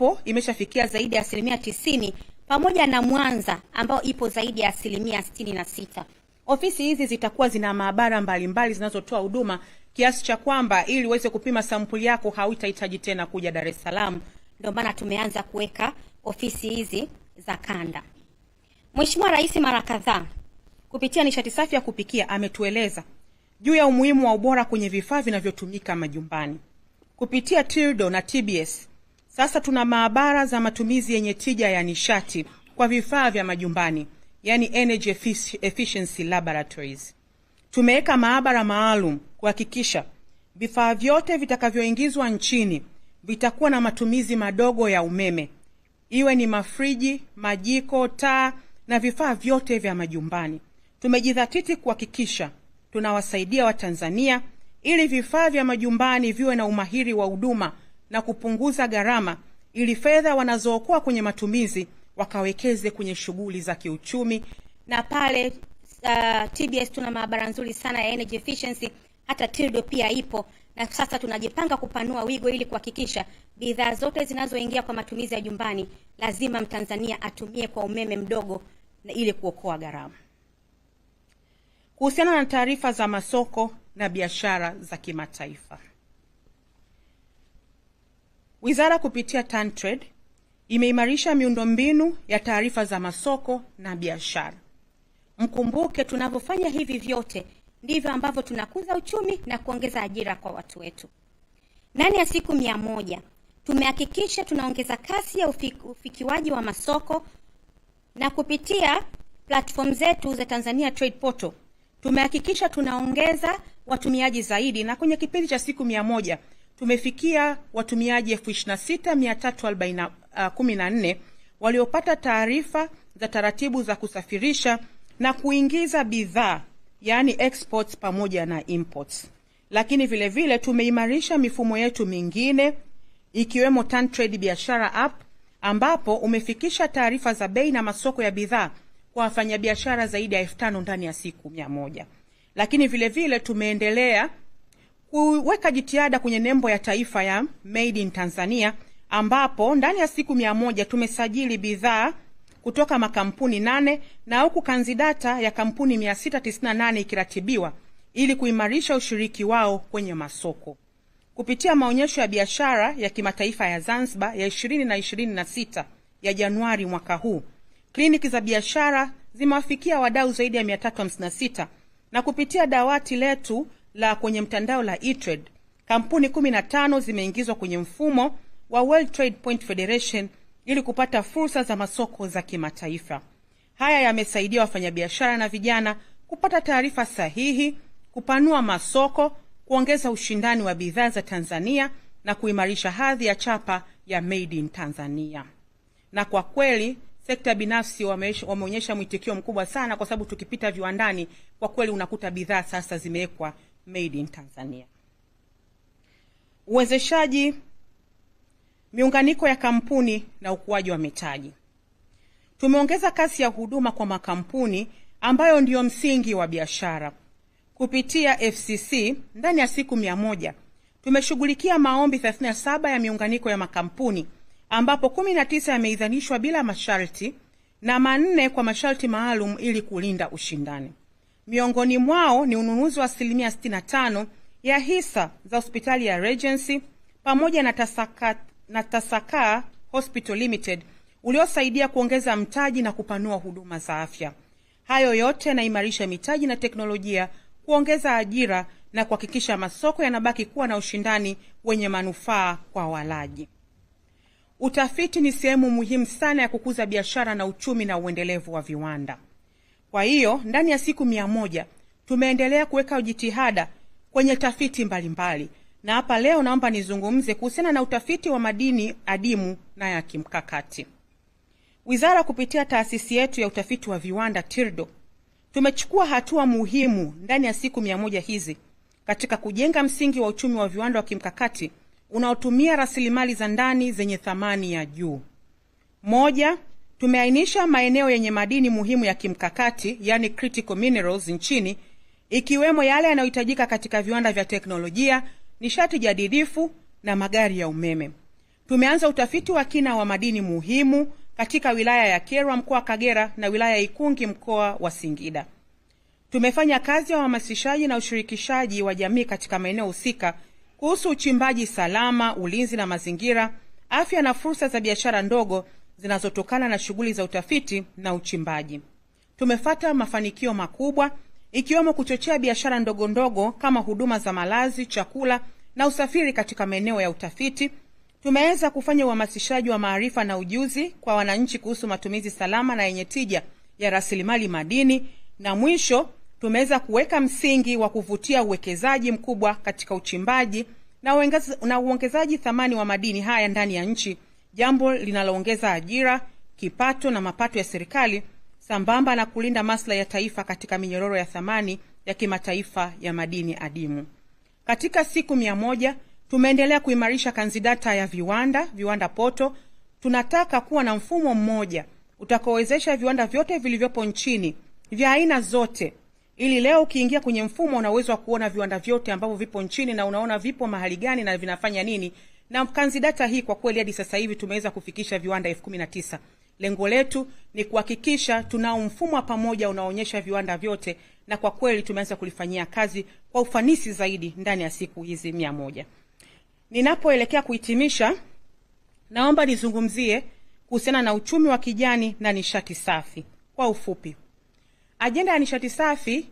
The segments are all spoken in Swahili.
ambapo imeshafikia zaidi ya asilimia tisini pamoja na Mwanza ambayo ipo zaidi ya asilimia sitini na sita. Ofisi hizi zitakuwa zina maabara mbalimbali zinazotoa huduma kiasi cha kwamba ili uweze kupima sampuli yako hautahitaji tena kuja Dar es Salaam. Ndio maana tumeanza kuweka ofisi hizi za kanda. Mheshimiwa Rais mara kadhaa kupitia nishati safi ya kupikia ametueleza juu ya umuhimu wa ubora kwenye vifaa vinavyotumika majumbani. Kupitia tildo na TBS sasa tuna maabara za matumizi yenye tija ya nishati kwa vifaa vya majumbani, yani energy efficiency laboratories. Tumeweka maabara maalum kuhakikisha vifaa vyote vitakavyoingizwa nchini vitakuwa na matumizi madogo ya umeme, iwe ni mafriji, majiko, taa na vifaa vyote vya majumbani. Tumejidhatiti kuhakikisha tunawasaidia Watanzania ili vifaa vya majumbani viwe na umahiri wa huduma na kupunguza gharama ili fedha wanazookoa kwenye matumizi wakawekeze kwenye shughuli za kiuchumi. Na pale uh, TBS tuna maabara nzuri sana ya energy efficiency, hata TILDO pia ipo, na sasa tunajipanga kupanua wigo ili kuhakikisha bidhaa zote zinazoingia kwa matumizi ya nyumbani lazima Mtanzania atumie kwa umeme mdogo na ili kuokoa gharama. Kuhusiana na taarifa za masoko na biashara za kimataifa Wizara kupitia tantred imeimarisha miundombinu ya taarifa za masoko na biashara. Mkumbuke tunavyofanya hivi vyote ndivyo ambavyo tunakuza uchumi na kuongeza ajira kwa watu wetu. Ndani ya siku mia moja tumehakikisha tunaongeza kasi ya ufikiwaji wa masoko na kupitia platform zetu za Tanzania Trade Portal tumehakikisha tunaongeza watumiaji zaidi, na kwenye kipindi cha siku mia moja tumefikia watumiaji 26314 ah, waliopata taarifa za taratibu za kusafirisha na kuingiza bidhaa yaani exports pamoja na imports. Lakini vile vile tumeimarisha mifumo yetu mingine ikiwemo biashara app ambapo umefikisha taarifa za bei na masoko ya bidhaa kwa wafanyabiashara zaidi ya elfu tano ndani ya siku mia moja. Lakini vile vile tumeendelea kuweka jitihada kwenye nembo ya taifa ya Made in Tanzania, ambapo ndani ya siku mia moja tumesajili bidhaa kutoka makampuni nane na huku kanzidata ya kampuni 698 ikiratibiwa ili kuimarisha ushiriki wao kwenye masoko kupitia maonyesho ya biashara ya kimataifa ya Zanzibar ya ishirini na sita ya Januari mwaka huu. Kliniki za biashara zimewafikia wadau zaidi ya sita na kupitia dawati letu la kwenye mtandao la E-Trade, kampuni 15 zimeingizwa kwenye mfumo wa World Trade Point Federation ili kupata fursa za masoko za kimataifa. Haya yamesaidia wafanyabiashara na vijana kupata taarifa sahihi, kupanua masoko, kuongeza ushindani wa bidhaa za Tanzania na kuimarisha hadhi ya chapa ya Made in Tanzania. Na kwa kweli sekta binafsi wameonyesha mwitikio mkubwa sana, kwa sababu tukipita viwandani, kwa kweli unakuta bidhaa sasa zimewekwa made in Tanzania. Uwezeshaji, miunganiko ya kampuni na ukuaji wa mitaji. Tumeongeza kasi ya huduma kwa makampuni ambayo ndiyo msingi wa biashara. Kupitia FCC ndani ya siku 1 moja tumeshughulikia maombi 37 ya miunganiko ya makampuni ambapo 19 yameidhanishwa bila masharti na manne kwa masharti maalum ili kulinda ushindani. Miongoni mwao ni ununuzi wa asilimia 65 ya hisa za hospitali ya Regency pamoja na Tasaka, na Tasaka Hospital Limited uliosaidia kuongeza mtaji na kupanua huduma za afya. Hayo yote yanaimarisha mitaji na teknolojia, kuongeza ajira na kuhakikisha masoko yanabaki kuwa na ushindani wenye manufaa kwa walaji. Utafiti ni sehemu muhimu sana ya kukuza biashara na uchumi na uendelevu wa viwanda. Kwa hiyo ndani ya siku mia moja tumeendelea kuweka jitihada kwenye tafiti mbalimbali mbali. Na hapa leo naomba nizungumze kuhusiana na utafiti wa madini adimu na ya kimkakati. Wizara kupitia taasisi yetu ya utafiti wa viwanda TIRDO tumechukua hatua muhimu ndani ya siku mia moja hizi katika kujenga msingi wa uchumi wa viwanda wa kimkakati unaotumia rasilimali za ndani zenye thamani ya juu. Moja, Tumeainisha maeneo yenye madini muhimu ya kimkakati yani critical minerals nchini ikiwemo yale yanayohitajika katika viwanda vya teknolojia, nishati jadidifu na magari ya umeme. Tumeanza utafiti wa kina wa madini muhimu katika wilaya ya kerwa mkoa wa Kagera na wilaya ya Ikungi mkoa wa Singida. Tumefanya kazi ya uhamasishaji na ushirikishaji wa jamii katika maeneo husika kuhusu uchimbaji salama, ulinzi na mazingira, afya na fursa za biashara ndogo zinazotokana na shughuli za utafiti na uchimbaji. Tumefata mafanikio makubwa ikiwemo kuchochea biashara ndogondogo kama huduma za malazi, chakula na usafiri katika maeneo ya utafiti. Tumeweza kufanya uhamasishaji wa maarifa na ujuzi kwa wananchi kuhusu matumizi salama na yenye tija ya rasilimali madini, na mwisho tumeweza kuweka msingi wa kuvutia uwekezaji mkubwa katika uchimbaji na uongezaji thamani wa madini haya ndani ya nchi jambo linaloongeza ajira, kipato na mapato ya serikali sambamba na kulinda maslahi ya taifa katika minyororo ya thamani ya kimataifa ya madini adimu. Katika siku mia moja tumeendelea kuimarisha kanzidata ya viwanda viwanda poto. Tunataka kuwa na mfumo mmoja utakaowezesha viwanda vyote vilivyopo nchini vya aina zote, ili leo ukiingia kwenye mfumo una uwezo wa kuona viwanda vyote ambavyo vipo nchini na unaona vipo mahali gani na vinafanya nini na mkanzi data hii kwa kweli hadi sasa hivi tumeweza kufikisha viwanda elfu kumi na tisa. Lengo letu ni kuhakikisha tunao mfumo wa pamoja unaonyesha viwanda vyote, na kwa kweli tumeanza kulifanyia kazi kwa ufanisi zaidi ndani ya siku hizi mia moja. Ninapoelekea kuhitimisha, naomba nizungumzie kuhusiana na uchumi wa kijani na nishati safi kwa ufupi. Ajenda ya nishati safi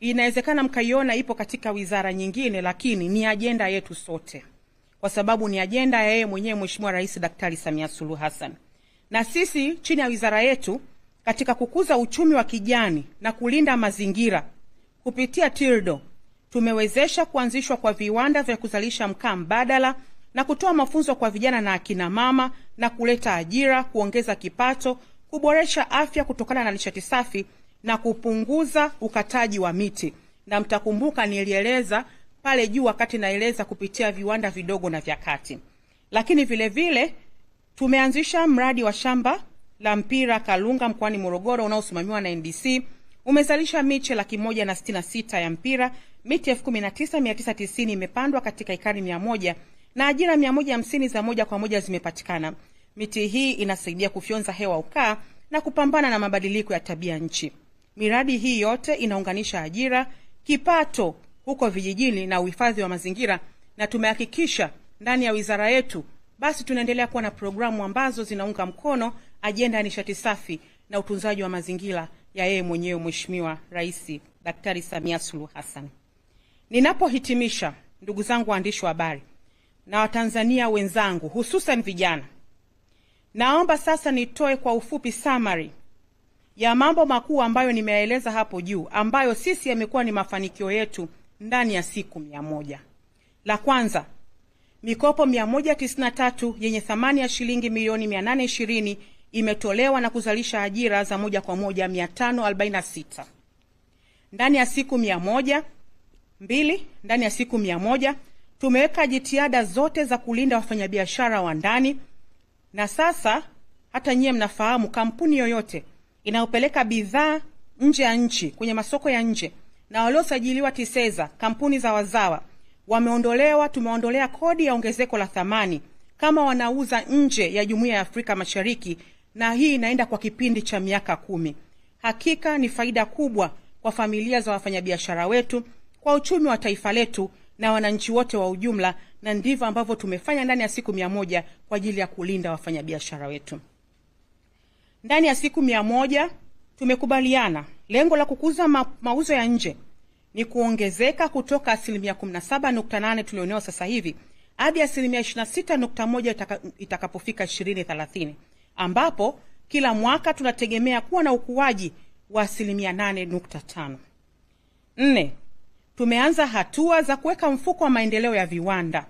inawezekana mkaiona ipo katika wizara nyingine, lakini ni ajenda yetu sote kwa sababu ni ajenda ya yeye mwenyewe Mheshimiwa Rais Daktari Samia Suluhu Hassan. Na sisi chini ya wizara yetu katika kukuza uchumi wa kijani na kulinda mazingira kupitia TIRDO tumewezesha kuanzishwa kwa viwanda vya kuzalisha mkaa mbadala na kutoa mafunzo kwa vijana na akina mama na kuleta ajira, kuongeza kipato, kuboresha afya kutokana na nishati safi na kupunguza ukataji wa miti. Na mtakumbuka nilieleza pale juu wakati naeleza kupitia viwanda vidogo na vya kati. Lakini vile vile tumeanzisha mradi wa shamba la mpira Kalunga mkoani Morogoro unaosimamiwa na NDC umezalisha miche laki moja na sitini na sita ya mpira, miti elfu kumi na tisa mia tisa tisini imepandwa katika ekari mia moja na ajira mia moja hamsini za moja kwa moja zimepatikana. Miti hii inasaidia kufyonza hewa ukaa na kupambana na mabadiliko ya tabia nchi. Miradi hii yote inaunganisha ajira, kipato huko vijijini na uhifadhi wa mazingira, na tumehakikisha ndani ya wizara yetu, basi tunaendelea kuwa na programu ambazo zinaunga mkono ajenda ya nishati safi na utunzaji wa mazingira ya yeye mwenyewe mweshimiwa Rais Daktari Samia sulu Hassan. Ninapohitimisha, ndugu zangu waandishi wa habari na Watanzania wenzangu, hususan vijana, naomba sasa nitoe kwa ufupi samari ya mambo makuu ambayo nimeyaeleza hapo juu ambayo sisi yamekuwa ni mafanikio yetu ndani ya siku mia moja. La kwanza, mikopo 193 yenye thamani ya shilingi milioni 820 imetolewa na kuzalisha ajira za moja kwa moja 546 ndani ya siku mia moja. Mbili, ndani ya siku mia moja tumeweka jitihada zote za kulinda wafanyabiashara wa ndani, na sasa hata nyiye mnafahamu kampuni yoyote inayopeleka bidhaa nje ya nchi kwenye masoko ya nje na waliosajiliwa TISEZA, kampuni za wazawa wameondolewa, tumeondolea kodi ya ongezeko la thamani kama wanauza nje ya jumuiya ya Afrika Mashariki, na hii inaenda kwa kipindi cha miaka kumi. Hakika ni faida kubwa kwa familia za wafanyabiashara wetu, kwa uchumi wa taifa letu na wananchi wote wa ujumla, na ndivyo ambavyo tumefanya ndani ya siku mia moja kwa ajili ya kulinda wafanyabiashara wetu. Ndani ya siku miamoja tumekubaliana Lengo la kukuza ma mauzo ya nje ni kuongezeka kutoka asilimia 17.8 tulionewa sasa hivi hadi asilimia 26.1 itaka, itakapofika 2030 ambapo kila mwaka tunategemea kuwa na ukuaji wa asilimia 8.5. Nne, tumeanza hatua za kuweka mfuko wa maendeleo ya viwanda.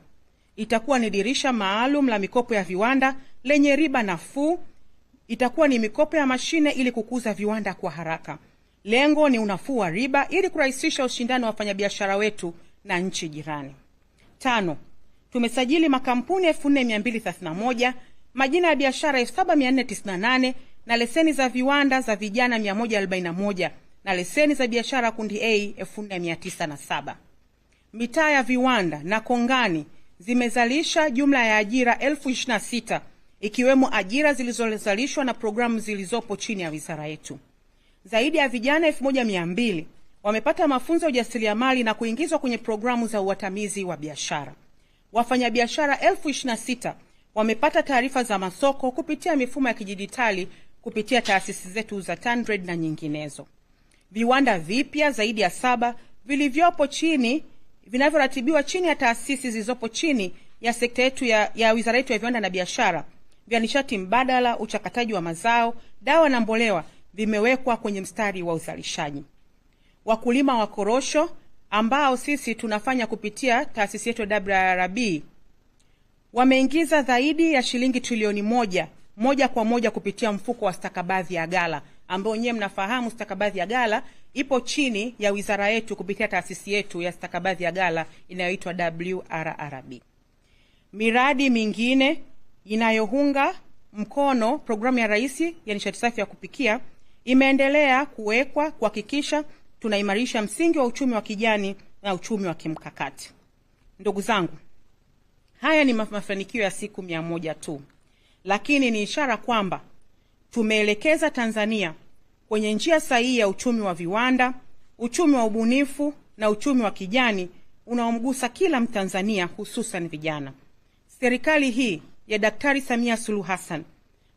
Itakuwa ni dirisha maalum la mikopo ya viwanda lenye riba nafuu. Itakuwa ni mikopo ya mashine ili kukuza viwanda kwa haraka. Lengo ni unafuu wa riba ili kurahisisha ushindani wa wafanyabiashara wetu na nchi jirani. Tano, tumesajili makampuni 4231 majina ya biashara 7498 na leseni za viwanda za vijana 141 na leseni za biashara kundi A 4907. Mitaa ya viwanda na kongani zimezalisha jumla ya ajira elfu 26 ikiwemo ajira zilizozalishwa na programu zilizopo chini ya wizara yetu zaidi ya vijana elfu moja mia mbili wamepata mafunzo ya ujasiriamali na kuingizwa kwenye programu za uwatamizi wa biashara. Wafanyabiashara elfu ishirini na sita wamepata taarifa za masoko kupitia mifumo ya kidijitali kupitia taasisi zetu za tandred na nyinginezo. Viwanda vipya zaidi ya saba vilivyopo chini vinavyoratibiwa chini ya taasisi zilizopo chini ya sekta yetu ya, ya wizara yetu ya viwanda na biashara vya nishati mbadala, uchakataji wa mazao, dawa na mbolewa vimewekwa kwenye mstari wa uzalishaji. Wakulima wa korosho ambao sisi tunafanya kupitia taasisi yetu ya WRB wameingiza zaidi ya shilingi trilioni moja moja kwa moja kupitia mfuko wa stakabadhi ya ghala ambao nyewe mnafahamu stakabadhi ya ghala ipo chini ya wizara yetu kupitia taasisi yetu ya stakabadhi ya ghala inayoitwa WRRB. Miradi mingine inayounga mkono programu ya Rais ya nishati safi ya kupikia imeendelea kuwekwa kuhakikisha tunaimarisha msingi wa uchumi wa kijani na uchumi wa kimkakati. Ndugu zangu, haya ni mafanikio ya siku mia moja tu, lakini ni ishara kwamba tumeelekeza Tanzania kwenye njia sahihi ya uchumi wa viwanda, uchumi wa ubunifu na uchumi wa kijani unaomgusa kila Mtanzania, hususan vijana. Serikali hii ya Daktari Samia Suluhu Hassan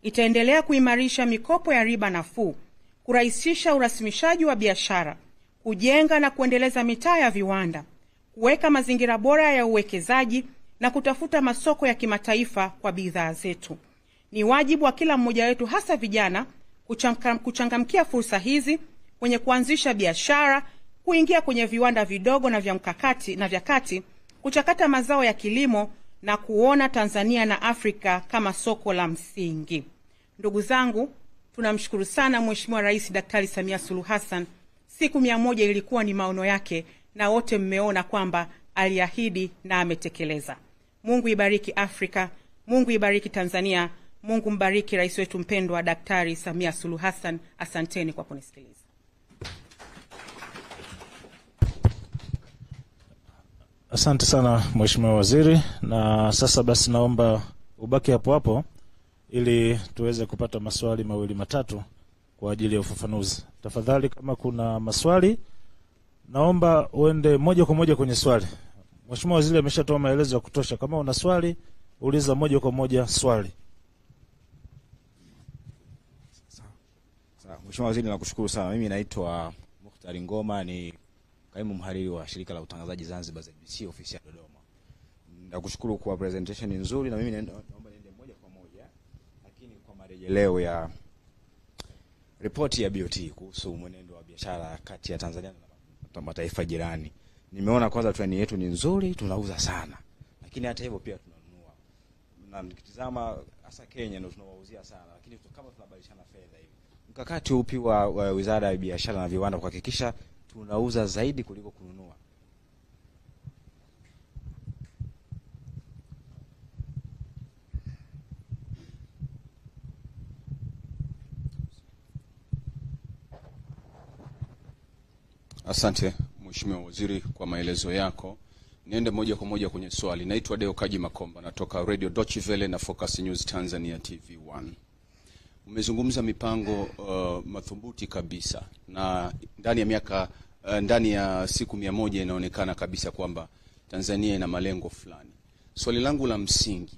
itaendelea kuimarisha mikopo ya riba nafuu kurahisisha urasimishaji wa biashara, kujenga na kuendeleza mitaa ya viwanda, kuweka mazingira bora ya uwekezaji na kutafuta masoko ya kimataifa kwa bidhaa zetu. Ni wajibu wa kila mmoja wetu, hasa vijana, kuchangamkia fursa hizi kwenye kuanzisha biashara, kuingia kwenye viwanda vidogo na vya mkakati na vya kati, kuchakata mazao ya kilimo na kuona Tanzania na Afrika kama soko la msingi. Ndugu zangu, Tunamshukuru sana mweshimiwa Rais Daktari Samia Suluhu Hassan. Siku mia moja ilikuwa ni maono yake, na wote mmeona kwamba aliahidi na ametekeleza. Mungu ibariki Afrika, Mungu ibariki Tanzania, Mungu mbariki rais wetu mpendwa Daktari Samia Suluhu Hassan. Asanteni kwa kunisikiliza. Asante sana Mheshimiwa Waziri, na sasa basi naomba ubaki hapo hapo ili tuweze kupata maswali mawili matatu kwa ajili ya ufafanuzi. Tafadhali, kama kuna maswali, naomba uende moja kwa moja kwenye swali. Mheshimiwa Waziri ameshatoa maelezo ya kutosha. Kama una swali, uliza moja kwa moja swali. Mheshimiwa Waziri, nakushukuru sana. Mimi naitwa Mukhtari Ngoma, ni kaimu mhariri wa shirika la utangazaji Zanzibar ZBC, ofisi ya Dodoma. Nakushukuru kwa presentation nzuri, na mimi marejeleo ya ripoti ya BOT kuhusu mwenendo wa biashara kati ya Tanzania na mataifa jirani. Nimeona kwanza treni yetu ni nzuri, tunauza sana, lakini hata hivyo pia tunanunua, na nikitizama hasa Kenya ndio tunawauzia sana, lakini kama tunabadilishana fedha hivi. Mkakati upi wa, wa Wizara ya Biashara na Viwanda kuhakikisha tunauza zaidi kuliko kununua? Asante Mheshimiwa Waziri kwa maelezo yako. Niende moja kwa moja kwenye swali. Naitwa Deo Kaji Makomba, natoka Radio Deutsche Welle na Focus News Tanzania TV1. Umezungumza mipango uh, madhubuti kabisa na ndani ya miaka uh, ndani ya siku mia moja inaonekana kabisa kwamba Tanzania ina malengo fulani. Swali langu la msingi,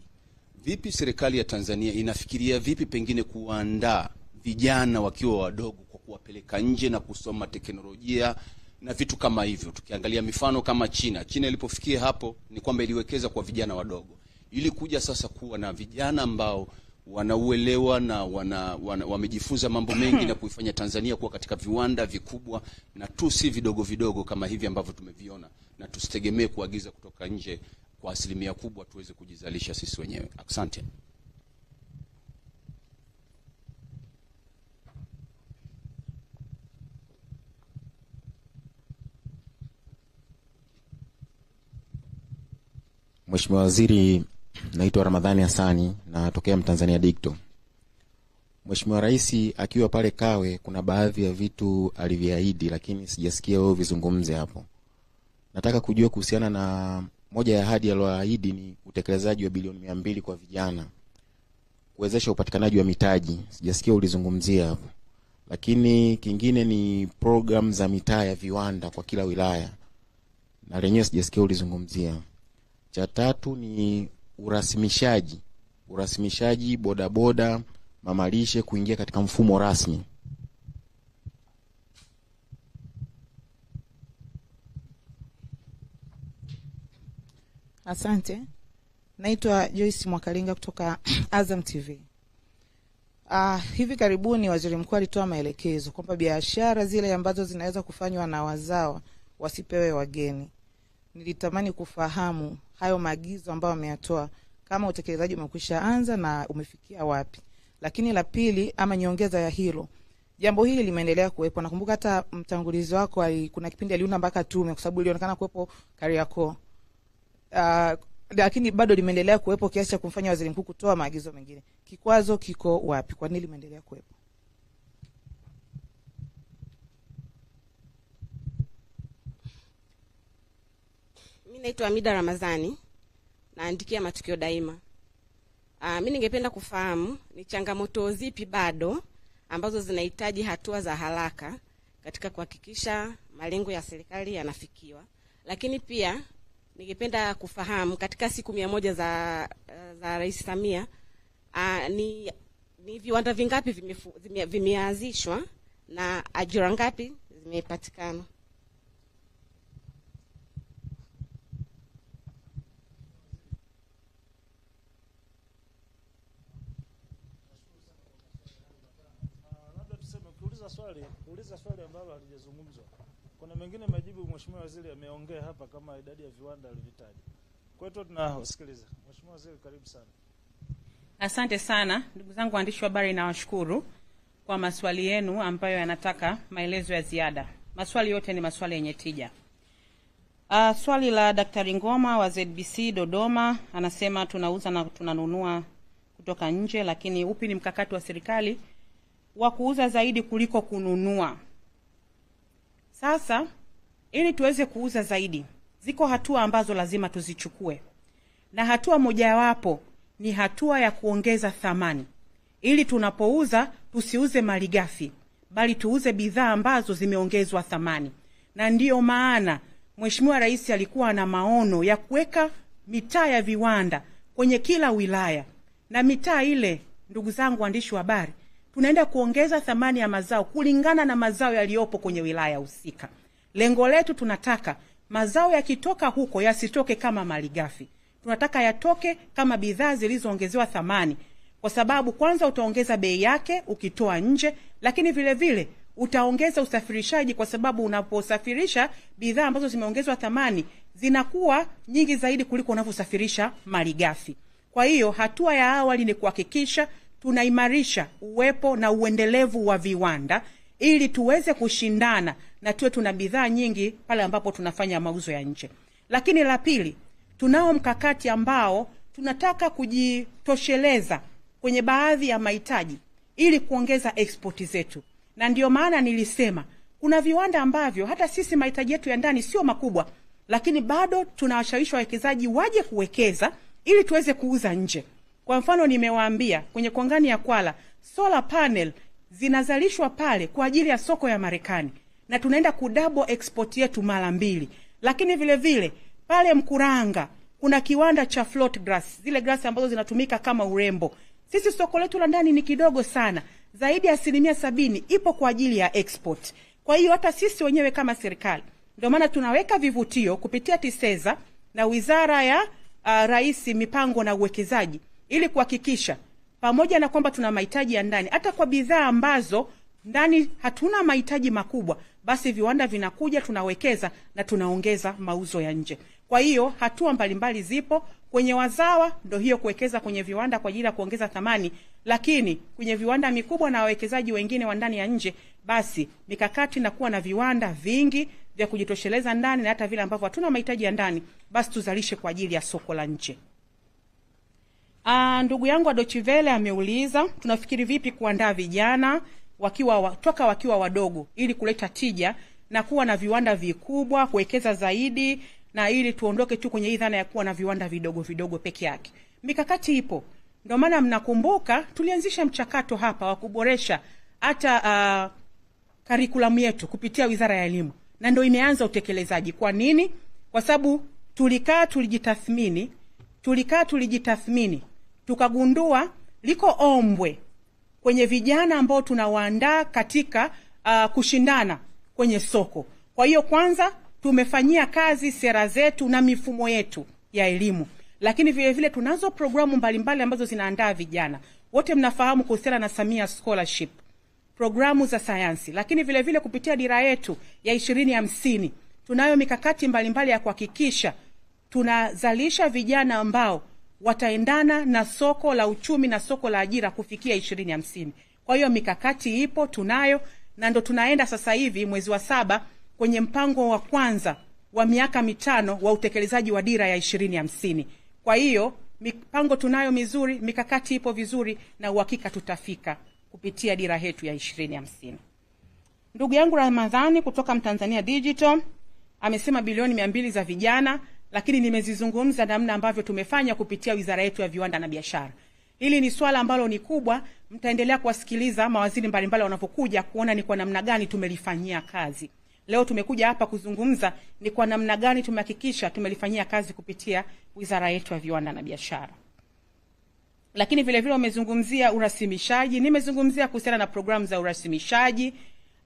vipi serikali ya Tanzania inafikiria vipi pengine kuandaa vijana wakiwa wadogo kuwapeleka nje na kusoma teknolojia na vitu kama hivyo. Tukiangalia mifano kama China, China ilipofikia hapo ni kwamba iliwekeza kwa vijana wadogo, ili kuja sasa kuwa na vijana ambao wanauelewa na wana, wana, wamejifunza mambo mengi na kuifanya Tanzania kuwa katika viwanda vikubwa na tu si vidogo vidogo kama hivi ambavyo tumeviona, na tusitegemee kuagiza kutoka nje. Kwa asilimia kubwa tuweze kujizalisha sisi wenyewe. Asante. Mheshimiwa Waziri, naitwa Ramadhani Hassani, natokea Mtanzania dikto Mheshimiwa Rais akiwa pale Kawe, kuna baadhi ya vitu aliviahidi, lakini sijasikia wewe vizungumze hapo. Nataka kujua kuhusiana na moja ya ahadi aliyoahidi ni utekelezaji wa bilioni mia mbili kwa vijana kuwezesha upatikanaji wa mitaji, sijasikia ulizungumzia hapo. Lakini kingine ni program za mitaa ya viwanda kwa kila wilaya, na lenyewe sijasikia ulizungumzia. Cha tatu ni urasimishaji, urasimishaji bodaboda, mamalishe kuingia katika mfumo rasmi. Asante. Naitwa Joyce Mwakalinga kutoka Azam TV. Ah, hivi karibuni waziri mkuu alitoa maelekezo kwamba biashara zile ambazo zinaweza kufanywa na wazawa wasipewe wageni. Nilitamani kufahamu hayo maagizo ambayo wameyatoa, kama utekelezaji umekwisha anza na umefikia wapi. Lakini la pili ama nyongeza ya hilo, jambo hili limeendelea kuwepo. Nakumbuka hata mtangulizi wako ali, kuna kipindi aliunda mpaka tume, kwa sababu ilionekana kuwepo Kariakoo. Uh, lakini bado limeendelea kuwepo kiasi cha kumfanya waziri mkuu kutoa maagizo mengine. Kikwazo kiko wapi? Kwa nini limeendelea kuwepo? Naitwa Amida Ramadhani, naandikia Matukio Daima. Uh, mi ningependa kufahamu ni changamoto zipi bado ambazo zinahitaji hatua za haraka katika kuhakikisha malengo ya serikali yanafikiwa, lakini pia ningependa kufahamu katika siku mia moja za, eh, za Rais Samia uh, ni, ni viwanda vingapi vimeanzishwa na ajira ngapi zimepatikana? mengine majibu Mheshimiwa Waziri ameongea hapa kama idadi ya viwanda alivitaja. Kwa hiyo tunasikiliza. Mheshimiwa Waziri, karibu sana. Asante sana ndugu zangu waandishi wa habari, nawashukuru kwa maswali yenu ambayo yanataka maelezo ya ziada. Maswali yote ni maswali yenye tija. Uh, swali la Daktari Ngoma wa ZBC Dodoma anasema tunauza na tunanunua kutoka nje, lakini upi ni mkakati wa serikali wa kuuza zaidi kuliko kununua? Sasa ili tuweze kuuza zaidi, ziko hatua ambazo lazima tuzichukue, na hatua mojawapo ni hatua ya kuongeza thamani, ili tunapouza tusiuze mali ghafi, bali tuuze bidhaa ambazo zimeongezwa thamani. Na ndiyo maana Mheshimiwa Rais alikuwa na maono ya kuweka mitaa ya viwanda kwenye kila wilaya, na mitaa ile, ndugu zangu waandishi wa habari, tunaenda kuongeza thamani ya mazao kulingana na mazao yaliyopo kwenye wilaya husika. Lengo letu tunataka mazao yakitoka huko yasitoke kama malighafi, tunataka yatoke kama bidhaa zilizoongezewa thamani, kwa sababu kwanza utaongeza bei yake ukitoa nje, lakini vile vile utaongeza usafirishaji, kwa sababu unaposafirisha bidhaa ambazo zimeongezwa thamani zinakuwa nyingi zaidi kuliko unavyosafirisha malighafi. Kwa hiyo hatua ya awali ni kuhakikisha tunaimarisha uwepo na uendelevu wa viwanda ili tuweze kushindana na tuwe tuna bidhaa nyingi pale ambapo tunafanya mauzo ya nje. Lakini la pili, tunao mkakati ambao tunataka kujitosheleza kwenye baadhi ya mahitaji ili kuongeza export zetu, na ndio maana nilisema kuna viwanda ambavyo hata sisi mahitaji yetu ya ndani sio makubwa, lakini bado tunawashawishi wawekezaji waje kuwekeza ili tuweze kuuza nje. Kwa mfano, nimewaambia kwenye kongani ya Kwala solar panel zinazalishwa pale kwa ajili ya soko ya Marekani na tunaenda kudabo export yetu mara mbili, lakini vile vile pale Mkuranga kuna kiwanda cha float grass, zile grass ambazo zinatumika kama urembo. Sisi soko letu la ndani ni kidogo sana, zaidi ya asilimia sabini ipo kwa ajili ya export. Kwa hiyo hata sisi wenyewe kama serikali ndio maana tunaweka vivutio kupitia TISEZA na Wizara ya uh, Rais mipango na uwekezaji ili kuhakikisha pamoja na kwamba tuna mahitaji ya ndani, hata kwa bidhaa ambazo ndani hatuna mahitaji makubwa, basi viwanda vinakuja, tunawekeza na tunaongeza mauzo ya nje. Kwa hiyo hatua mbalimbali zipo kwenye wazawa, ndo hiyo kuwekeza kwenye viwanda kwa ajili ya kuongeza thamani, lakini kwenye viwanda mikubwa na wawekezaji wengine wa ndani ya nje, basi mikakati na kuwa na viwanda vingi vya kujitosheleza ndani na hata vile ambavyo hatuna mahitaji ya ndani, basi tuzalishe kwa ajili ya soko la nje. Aa, ah, ndugu yangu Adochivele ameuliza tunafikiri vipi kuandaa vijana wakiwa toka wakiwa wadogo ili kuleta tija na kuwa na viwanda vikubwa kuwekeza zaidi na ili tuondoke tu kwenye hii dhana ya kuwa na viwanda vidogo vidogo peke yake. Mikakati ipo. Ndio maana mnakumbuka tulianzisha mchakato hapa wa kuboresha hata uh, ah, karikulamu yetu kupitia Wizara ya Elimu na ndio imeanza utekelezaji. Kwa nini? Kwa sababu tulikaa tulijitathmini, tulikaa tulijitathmini tukagundua liko ombwe kwenye vijana ambao tunawaandaa katika uh, kushindana kwenye soko. Kwa hiyo kwanza tumefanyia kazi sera zetu na mifumo yetu ya elimu, lakini vile vile tunazo programu mbalimbali ambazo zinaandaa vijana. Wote mnafahamu kuhusiana na Samia Scholarship, programu za sayansi, lakini vile vile kupitia dira yetu ya ishirini hamsini tunayo mikakati mbalimbali mbali ya kuhakikisha tunazalisha vijana ambao wataendana na soko la uchumi na soko la ajira kufikia ishirini hamsini. Kwa hiyo mikakati ipo, tunayo na ndo tunaenda sasa hivi mwezi wa saba kwenye mpango wa kwanza wa miaka mitano wa utekelezaji wa dira ya ishirini hamsini. Kwa hiyo mipango tunayo mizuri, mikakati ipo vizuri, na uhakika tutafika kupitia dira yetu ya ishirini hamsini. Ndugu yangu Ramadhani kutoka Mtanzania Digital amesema bilioni mia mbili za vijana lakini nimezizungumza namna ambavyo tumefanya kupitia wizara yetu ya viwanda na biashara. Hili ni swala ambalo ni kubwa, mtaendelea kuwasikiliza mawaziri mbalimbali wanavyokuja kuona ni kwa namna gani tumelifanyia kazi. Leo tumekuja hapa kuzungumza ni kwa namna gani tumehakikisha tumelifanyia kazi kupitia wizara yetu ya viwanda na biashara. Lakini vilevile wamezungumzia vile urasimishaji, nimezungumzia kuhusiana na programu za urasimishaji, uh,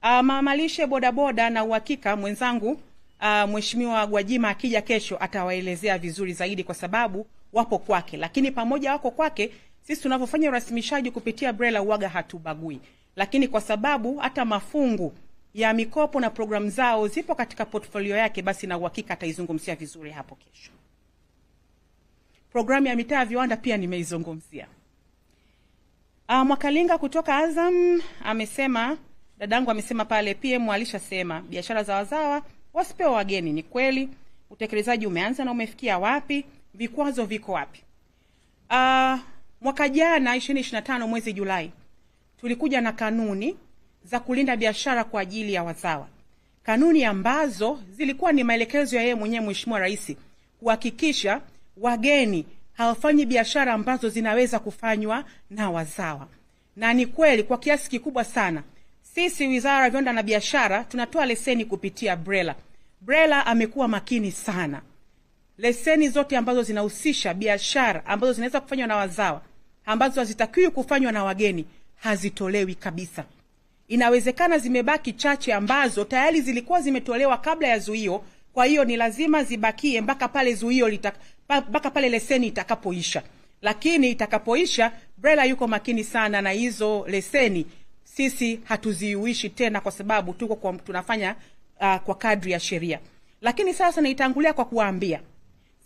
ah, mama bodaboda na uhakika mwenzangu uh, Mheshimiwa Gwajima akija kesho atawaelezea vizuri zaidi, kwa sababu wapo kwake, lakini pamoja wako kwake, sisi tunavyofanya urasimishaji kupitia BRELA uwaga hatubagui, lakini kwa sababu hata mafungu ya mikopo na programu zao zipo katika portfolio yake, basi na uhakika ataizungumzia vizuri hapo kesho. Programu ya mitaa ya viwanda pia nimeizungumzia. Uh, Mwakalinga kutoka Azam amesema, dadangu amesema pale, PM alishasema biashara za wazawa wasipewa wageni. Ni kweli utekelezaji umeanza na umefikia wapi? Vikwazo viko wapi? Uh, mwaka jana 2025 mwezi Julai tulikuja na kanuni za kulinda biashara kwa ajili ya wazawa, kanuni ambazo zilikuwa ni maelekezo ya yeye mwenyewe Mheshimiwa Rais kuhakikisha wageni hawafanyi biashara ambazo zinaweza kufanywa na wazawa, na ni kweli kwa kiasi kikubwa sana sisi Wizara ya Viwanda na Biashara tunatoa leseni kupitia BRELA. BRELA amekuwa makini sana. Leseni zote ambazo zinahusisha biashara ambazo zinaweza kufanywa na wazawa ambazo hazitakiwi kufanywa na wageni hazitolewi kabisa. Inawezekana zimebaki chache ambazo tayari zilikuwa zimetolewa kabla ya zuio, kwa hiyo ni lazima zibakie mpaka pale zuio mpaka pale leseni itakapoisha. Lakini itakapoisha, BRELA yuko makini sana na hizo leseni sisi hatuziuishi tena, kwa sababu tuko kwa, tunafanya uh, kwa kadri ya sheria. Lakini sasa naitangulia kwa kuwaambia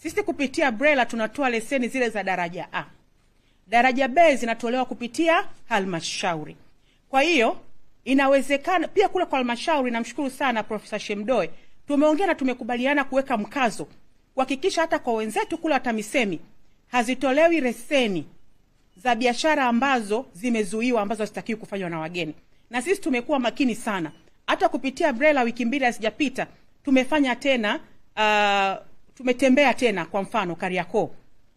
sisi kupitia BRELA tunatoa leseni zile za daraja A, daraja B zinatolewa kupitia halmashauri. Kwa hiyo inawezekana pia kule kwa halmashauri, namshukuru sana Profesa Shemdoe, tumeongea na tumekubaliana kuweka mkazo kuhakikisha hata kwa wenzetu kule wa TAMISEMI hazitolewi leseni za biashara ambazo zimezuiwa ambazo hazitakiwi kufanywa na wageni, na sisi tumekuwa makini sana. Hata kupitia BRELA wiki mbili hazijapita tumefanya tena uh, tumetembea tena, kwa mfano Kariakoo,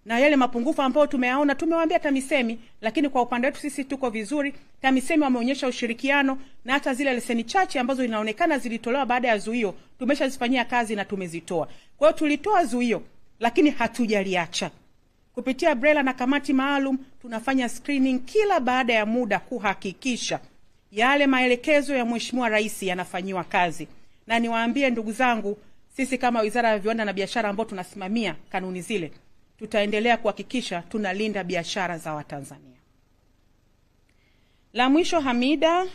na yale mapungufu ambayo tumeyaona tumewaambia TAMISEMI, lakini kwa upande wetu sisi tuko vizuri. TAMISEMI wameonyesha ushirikiano na hata zile leseni chache ambazo inaonekana zilitolewa baada ya zuio tumeshazifanyia kazi na tumezitoa. Kwa hiyo tulitoa zuio, lakini hatujaliacha Kupitia BRELA na kamati maalum tunafanya screening kila baada ya muda kuhakikisha yale maelekezo ya Mheshimiwa Rais yanafanyiwa kazi. Na niwaambie ndugu zangu, sisi kama Wizara ya Viwanda na Biashara ambao tunasimamia kanuni zile, tutaendelea kuhakikisha tunalinda biashara za Watanzania. La mwisho, Hamida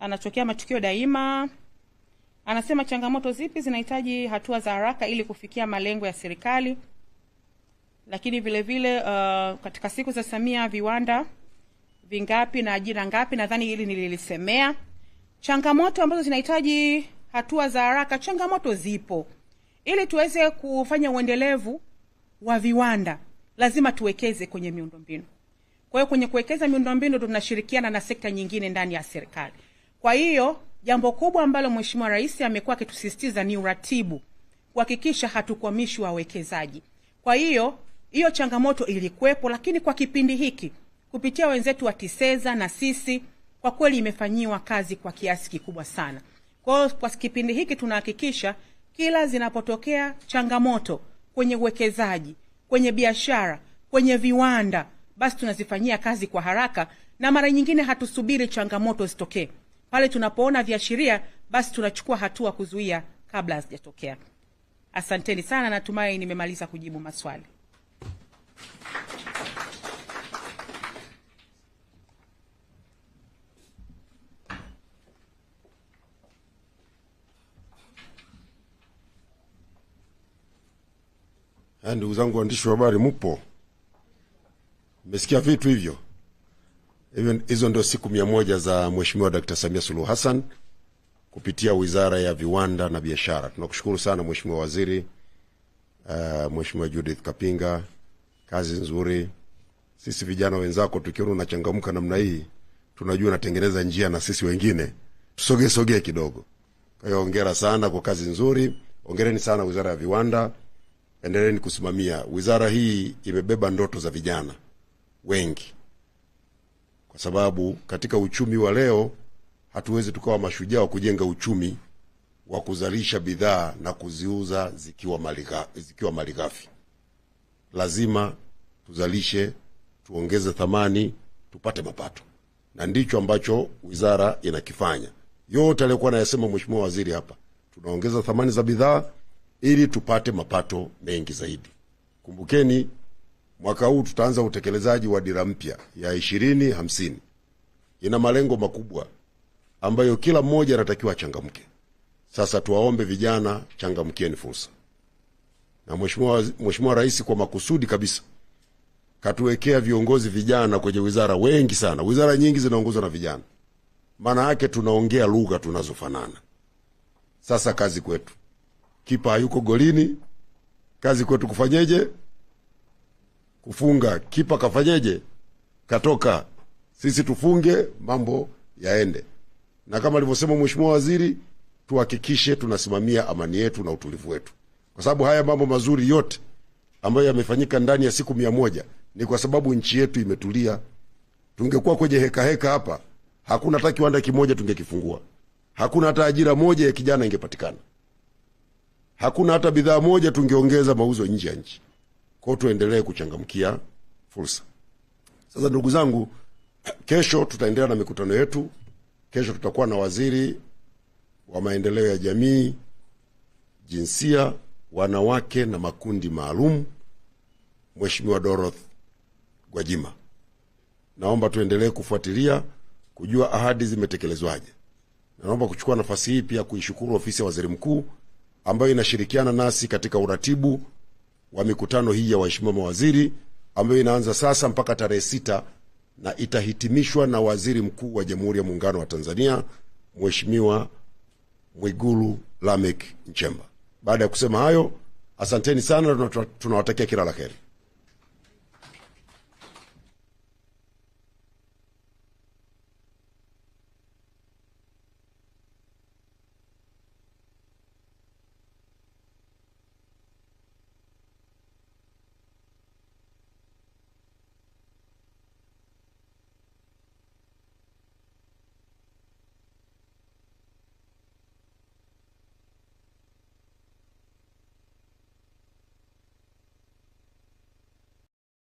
anatokea Matukio Daima anasema changamoto zipi zinahitaji hatua za haraka ili kufikia malengo ya serikali? Lakini vile vile uh, katika siku za Samia viwanda vingapi na ajira ngapi? Nadhani hili nililisemea. Changamoto ambazo zinahitaji hatua za haraka, changamoto zipo. Ili tuweze kufanya uendelevu wa viwanda, lazima tuwekeze kwenye miundombinu. Kwa hiyo kwenye kuwekeza miundombinu tunashirikiana na sekta nyingine ndani ya serikali. Kwa hiyo jambo kubwa ambalo Mheshimiwa Rais amekuwa akitusisitiza ni uratibu, kuhakikisha hatukwamishi wawekezaji. Kwa hiyo hiyo changamoto ilikuwepo, lakini kwa kipindi hiki kupitia wenzetu wa Tiseza na sisi kwa kweli imefanyiwa kazi kwa kiasi kikubwa sana. Kwa hiyo kwa kipindi hiki tunahakikisha kila zinapotokea changamoto kwenye uwekezaji, kwenye biashara, kwenye viwanda, basi tunazifanyia kazi kwa haraka, na mara nyingine hatusubiri changamoto zitokee. Pale tunapoona viashiria, basi tunachukua hatua kuzuia kabla hazijatokea. Asanteni sana, natumai nimemaliza kujibu maswali. Eh, ndugu zangu waandishi wa habari, mpo? Mmesikia vitu hivyo? Hizo ndio siku mia moja za Mheshimiwa Dkt. Samia Suluhu Hassan kupitia Wizara ya Viwanda na Biashara. Tunakushukuru sana Mheshimiwa Waziri, uh, Mheshimiwa Judith Kapinga, kazi nzuri. Sisi vijana wenzako tukiona unachangamka namna hii, tunajua unatengeneza njia na sisi wengine tusogeesogee kidogo. Kwa hiyo hongera sana kwa kazi nzuri, hongereni sana Wizara ya Viwanda endeleeni kusimamia. Wizara hii imebeba ndoto za vijana wengi, kwa sababu katika uchumi wa leo hatuwezi tukawa mashujaa wa kujenga uchumi wa kuzalisha bidhaa na kuziuza zikiwa mali ghafi Lazima tuzalishe, tuongeze thamani, tupate mapato, na ndicho ambacho wizara inakifanya. Yote aliyokuwa anayasema mweshimua waziri hapa, tunaongeza thamani za bidhaa ili tupate mapato mengi zaidi. Kumbukeni, mwaka huu tutaanza utekelezaji wa dira mpya ya ishirini hamsini. Ina malengo makubwa ambayo kila mmoja anatakiwa achangamke. Sasa tuwaombe vijana, changamkieni fursa. Na Mheshimiwa Mheshimiwa Rais kwa makusudi kabisa katuwekea viongozi vijana kwenye wizara wengi sana. Wizara nyingi zinaongozwa na vijana, maana yake tunaongea lugha tunazofanana. Sasa kazi kwetu kipa hayuko golini, kazi kwetu kufanyeje? Kufunga. Kipa kafanyeje? Katoka. Sisi tufunge, mambo yaende, na kama alivyosema mheshimiwa waziri, tuhakikishe tunasimamia amani yetu na utulivu wetu, kwa sababu haya mambo mazuri yote ambayo yamefanyika ndani ya siku mia moja ni kwa sababu nchi yetu imetulia. Tungekuwa kwenye heka heka hapa, hakuna hata kiwanda kimoja tungekifungua, hakuna hata ajira moja ya kijana ingepatikana hakuna hata bidhaa moja tungeongeza mauzo nje ya nchi. Kwa hiyo tuendelee kuchangamkia fursa. Sasa ndugu zangu, kesho tutaendelea na mikutano yetu. Kesho tutakuwa na waziri wa maendeleo ya jamii, jinsia, wanawake na makundi maalum, Mheshimiwa Dorothy Gwajima. Naomba tuendelee kufuatilia kujua ahadi zimetekelezwaje. Naomba kuchukua nafasi hii pia kuishukuru ofisi ya waziri mkuu ambayo inashirikiana nasi katika uratibu wa mikutano hii ya waheshimiwa mawaziri ambayo inaanza sasa mpaka tarehe sita na itahitimishwa na Waziri Mkuu wa Jamhuri ya Muungano wa Tanzania Mheshimiwa Mwigulu lamek Nchemba. Baada ya kusema hayo, asanteni sana, tunawatakia kila la heri.